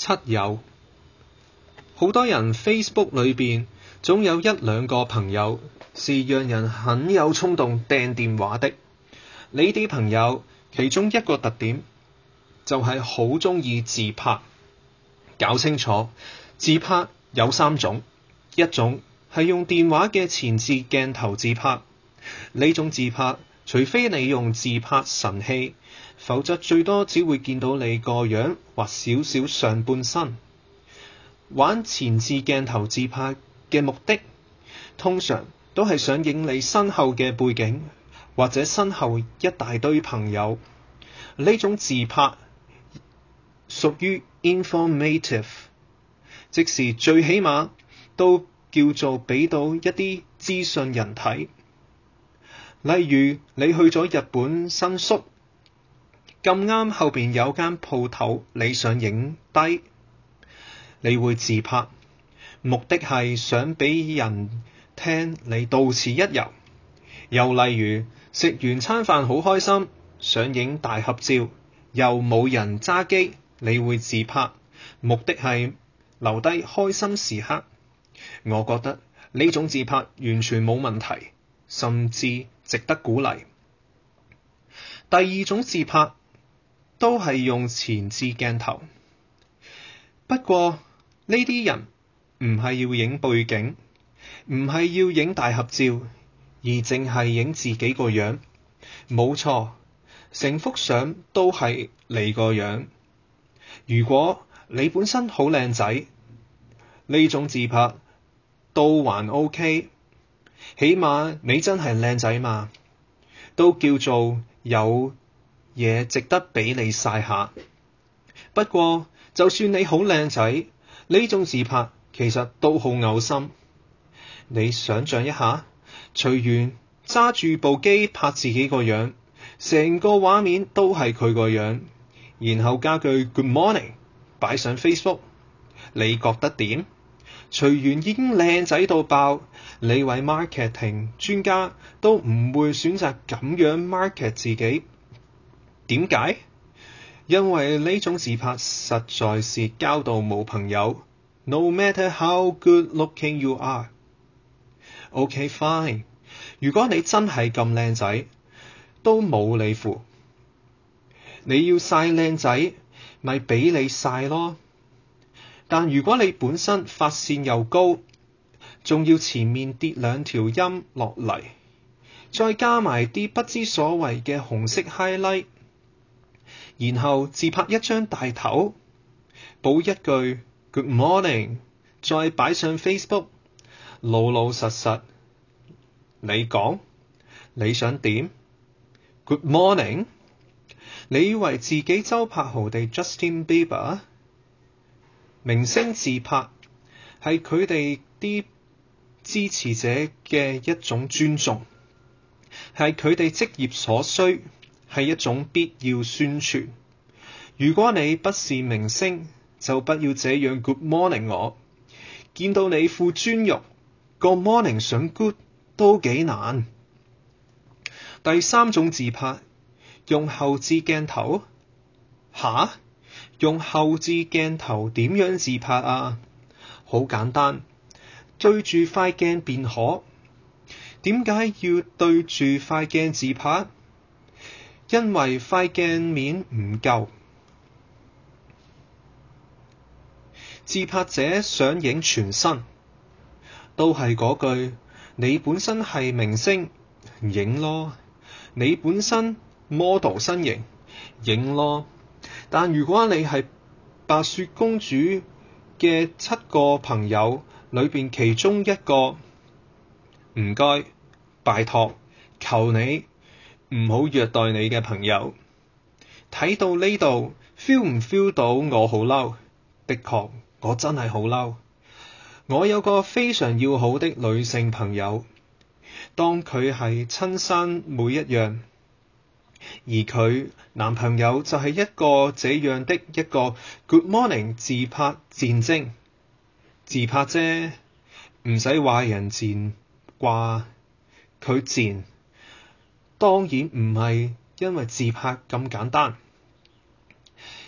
七友，好多人 Facebook 裏邊總有一兩個朋友是讓人很有衝動掟電話的。你哋朋友其中一個特點就係好中意自拍。搞清楚，自拍有三種，一種係用電話嘅前置鏡頭自拍，呢種自拍除非你用自拍神器。否則最多只會見到你個樣或少少上半身。玩前置鏡頭自拍嘅目的，通常都係想影你身後嘅背景，或者身後一大堆朋友。呢種自拍屬於 informative，即係最起碼都叫做俾到一啲資訊人睇。例如你去咗日本新宿。咁啱後邊有間鋪頭，你想影低，你會自拍，目的係想畀人聽你到此一遊。又例如食完餐飯好開心，想影大合照，又冇人揸機，你會自拍，目的係留低開心時刻。我覺得呢種自拍完全冇問題，甚至值得鼓勵。第二種自拍。都係用前置鏡頭，不過呢啲人唔係要影背景，唔係要影大合照，而淨係影自己個樣。冇錯，成幅相都係你個樣。如果你本身好靚仔，呢種自拍都還 OK，起碼你真係靚仔嘛，都叫做有。嘢值得俾你晒下，不過就算你好靚仔，呢種自拍其實都好嘔心。你想象一下，隨緣揸住部機拍自己個樣，成個畫面都係佢個樣，然後加句 Good morning 擺上 Facebook，你覺得點？隨緣已經靚仔到爆，你位 marketing 專家都唔會選擇咁樣 market 自己。點解？因為呢種自拍實在是交到冇朋友。No matter how good looking you are。OK fine。如果你真係咁靚仔，都冇你符。你要晒靚仔，咪俾你晒咯。但如果你本身發線又高，仲要前面跌兩條音落嚟，再加埋啲不知所謂嘅紅色 highlight。然後自拍一張大頭，補一句 Good morning，再擺上 Facebook，老老實實。你講你想點？Good morning，你以為自己周柏豪定 Justin Bieber？明星自拍係佢哋啲支持者嘅一種尊重，係佢哋職業所需。係一種必要宣傳。如果你不是明星，就不要這樣。Good morning，我見到你副尊容，個 morning 想 Good 都幾難。第三種自拍，用後置鏡頭。嚇！用後置鏡頭點樣自拍啊？好簡單，對住塊鏡便可。點解要對住塊鏡自拍？因為塊鏡面唔夠，自拍者想影全身，都係嗰句：你本身係明星，影咯；你本身 model 身形，影咯。但如果你係白雪公主嘅七個朋友裏邊其中一個，唔該，拜託，求你。唔好虐待你嘅朋友。睇到呢度，feel 唔 feel 到我好嬲？的確，我真係好嬲。我有個非常要好的女性朋友，當佢係親生妹一樣，而佢男朋友就係一個這樣的一個 Good Morning 自拍戰爭。自拍啫，唔使話人賤啩，佢賤。當然唔係因為自拍咁簡單。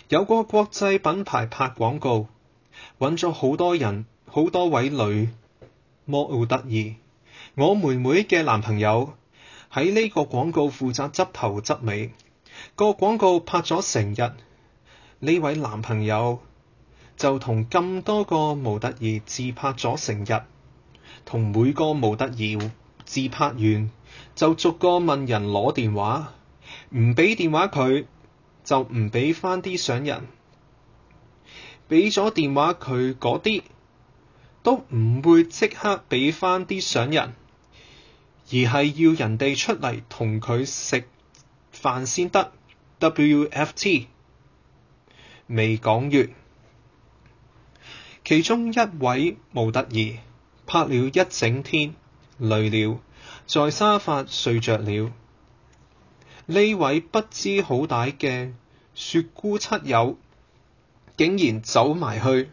有個國際品牌拍廣告，揾咗好多人，好多位女模特兒。我妹妹嘅男朋友喺呢個廣告負責執頭執尾。個廣告拍咗成日，呢位男朋友就同咁多個模特兒自拍咗成日，同每個模特兒。自拍完就逐個問人攞電話，唔畀電話佢就唔畀翻啲相人，畀咗電話佢嗰啲都唔會即刻畀翻啲相人，而係要人哋出嚟同佢食飯先得。WFT 未講完，其中一位模特兒拍了一整天。累了，在沙發睡着了。呢位不知好歹嘅雪姑七友，竟然走埋去，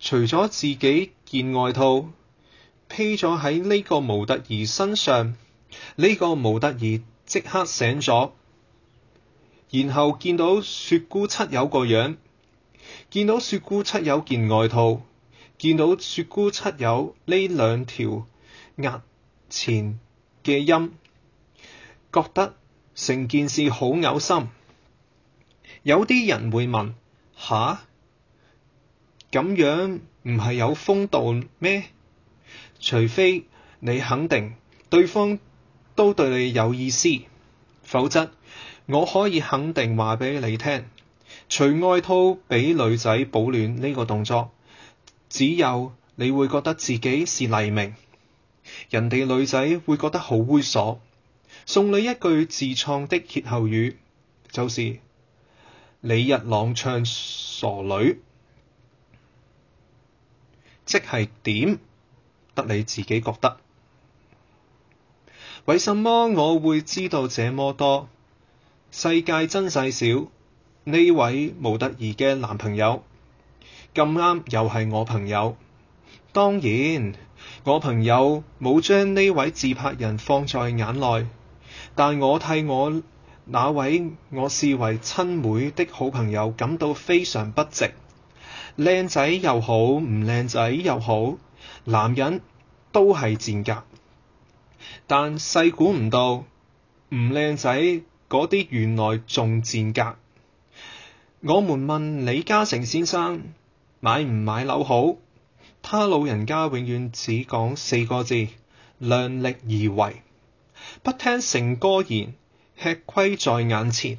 除咗自己件外套披咗喺呢個模特兒身上，呢、呢個模特兒即刻醒咗，然後見到雪姑七友個樣，見到雪姑七友件外套，見到雪姑七友呢兩條。壓前嘅音，覺得成件事好嘔心。有啲人會問：吓？咁樣唔係有風度咩？除非你肯定對方都對你有意思，否則我可以肯定話俾你聽：除外套俾女仔保暖呢個動作，只有你會覺得自己是黎明。人哋女仔會覺得好猥瑣，送你一句自創的歇後語，就是李日朗唱傻女，即係點？得你自己覺得。為什麼我會知道這麼多？世界真細小，呢位模特兒嘅男朋友咁啱又係我朋友。當然，我朋友冇將呢位自拍人放在眼內，但我替我那位我視為親妹的好朋友感到非常不值。靚仔又好，唔靚仔又好，男人都係賤格。但細估唔到，唔靚仔嗰啲原來仲賤格。我哋問李嘉誠先生買唔買樓好？他老人家永遠只講四個字：量力而為。不聽成哥言，吃虧在眼前。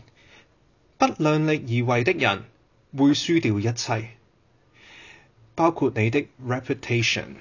不量力而為的人，會輸掉一切，包括你的 reputation。